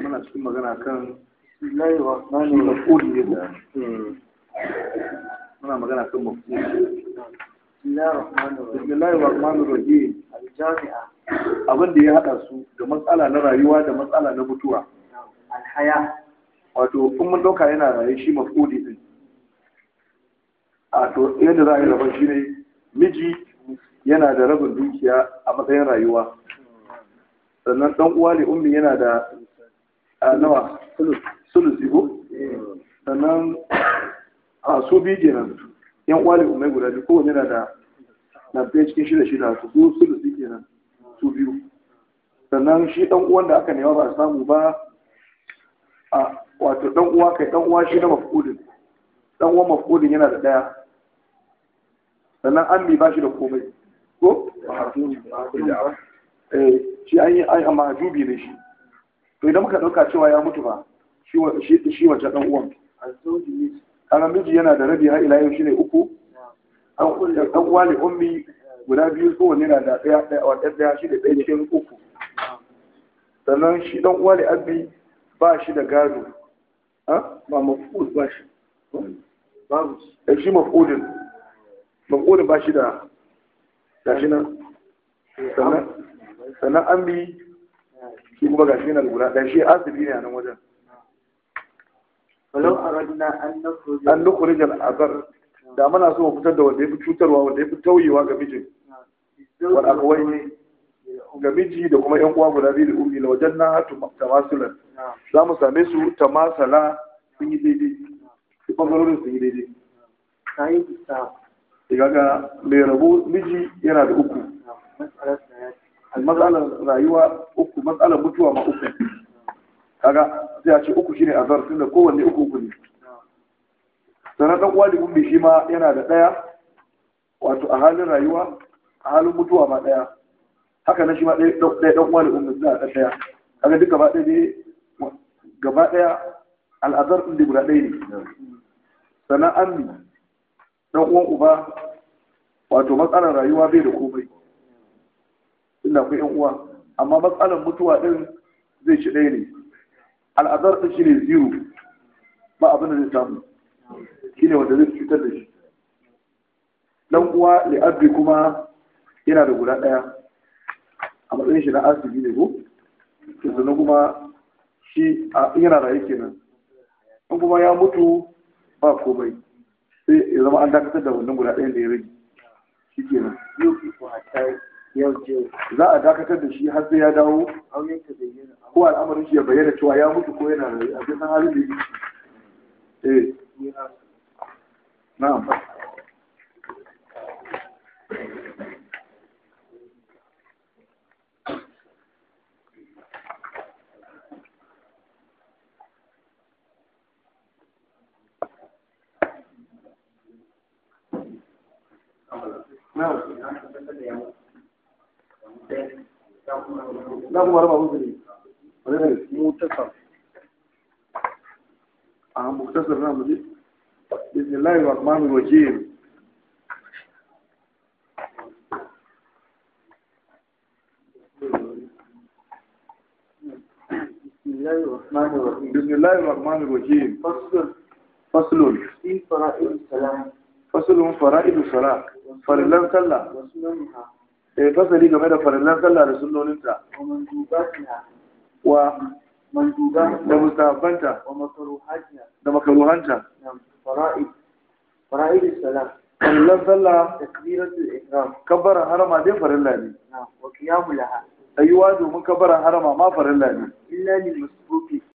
muna cikin magana kan maful ne da muna magana kan maful bismillahir rahmanir rahim abin da ya hada su da matsala na rayuwa da matsala na mutuwa alhaya wato kun mun dauka yana raye shi mafuli din Wato yadda za a yi rabon shi ne miji yana da rabin dukiya a matsayin rayuwa sannan dan uwa ne ummi yana da a nawa sulusi ko sannan a su biyu kenan yan uwa umai guda biyu kowane na da na ɗaya cikin shida shida su su sulusi kenan su biyu sannan shi ɗan uwan da aka nema ba a samu ba a wato ɗan uwa kai ɗan uwa shi na mafudin ɗan uwa mafudin yana da ɗaya sannan an bi ba shi da komai ko eh, shi an yi an mahajubi ne shi to idan muka ɗauka cewa ya mutu ba shi wata ɗan uwan kaga miji yana da rabi har ila yau shine uku ɗan uwa ne ummi guda biyu wani na da ɗaya ɗaya a ɗaya shi da ɗaya cikin uku sannan shi ɗan uwa ne abbi ba shi da gado ba mafud ba shi shi eh, ba shi da shi nan eh, sannan an bi shi kuma gashi yana da guda ɗaya shi asibi ne a nan wajen falau aradna an nukhrij al azar da muna so mu fitar da wanda yafi cutarwa wanda yafi tauyewa ga mijin wal akwai ga miji da kuma yan uwa guda biyu da ummi la wajanna hatu tamasulan za mu same su tamasala sun yi daidai su bangarorin sun yi daidai kayi ta ga mai rabu miji yana da uku al-mas'alar rayuwa uku matsalar mutuwa ma uku kaga sai a ce uku shine azar da kowanne uku uku ne sannan dan uwa libumbi shi ma yana da daya wato a halin rayuwa a halin mutuwa ma daya haka na shi ma ɗaya dan uwa libumbi suna da daya kaga duk gaba ɗaya ne gaba ɗaya al'azar ɗin da guda ɗaya ne sannan ammi dan uwan uba wato matsalar rayuwa bai da komai inda kuwa yan uwa amma matsalar mutuwa ɗin zai shi ɗaya ne al'adar ɗin shi ne zero ba abin da zai samu shi ne wanda zai cutar da shi ɗan uwa li'abdi kuma yana da guda ɗaya a matsayin shi na asibi ne ko sannan kuma shi yana raye kenan dan kuma ya mutu ba komai sai ya zama an dakatar da wannan guda ɗayan da ya rage shi kenan za a dakatar da shi har sai ya dawo ko al'amarin shi ya bayyana cewa ya mutu ko yana da abin na kuma raba musu ne wani ne mutasar a mutasar na muje bismillahi rahmanir rahim بسم الله الرحمن الرحيم فصل فصل في فرائض الصلاة فصل فرائض الصلاة فرلا صلاة وسننها eh fasali game da farillan sallah da sunnoninta wa manduba da mustahabbanta wa makruhanta da makruhanta fara'id fara'id salam farillan sallah takbiratul ihram kabbara harama dai farilla ne wa qiyamu laha ayyuwa domin kabbara harama ma farilla ne illa lil masbuqi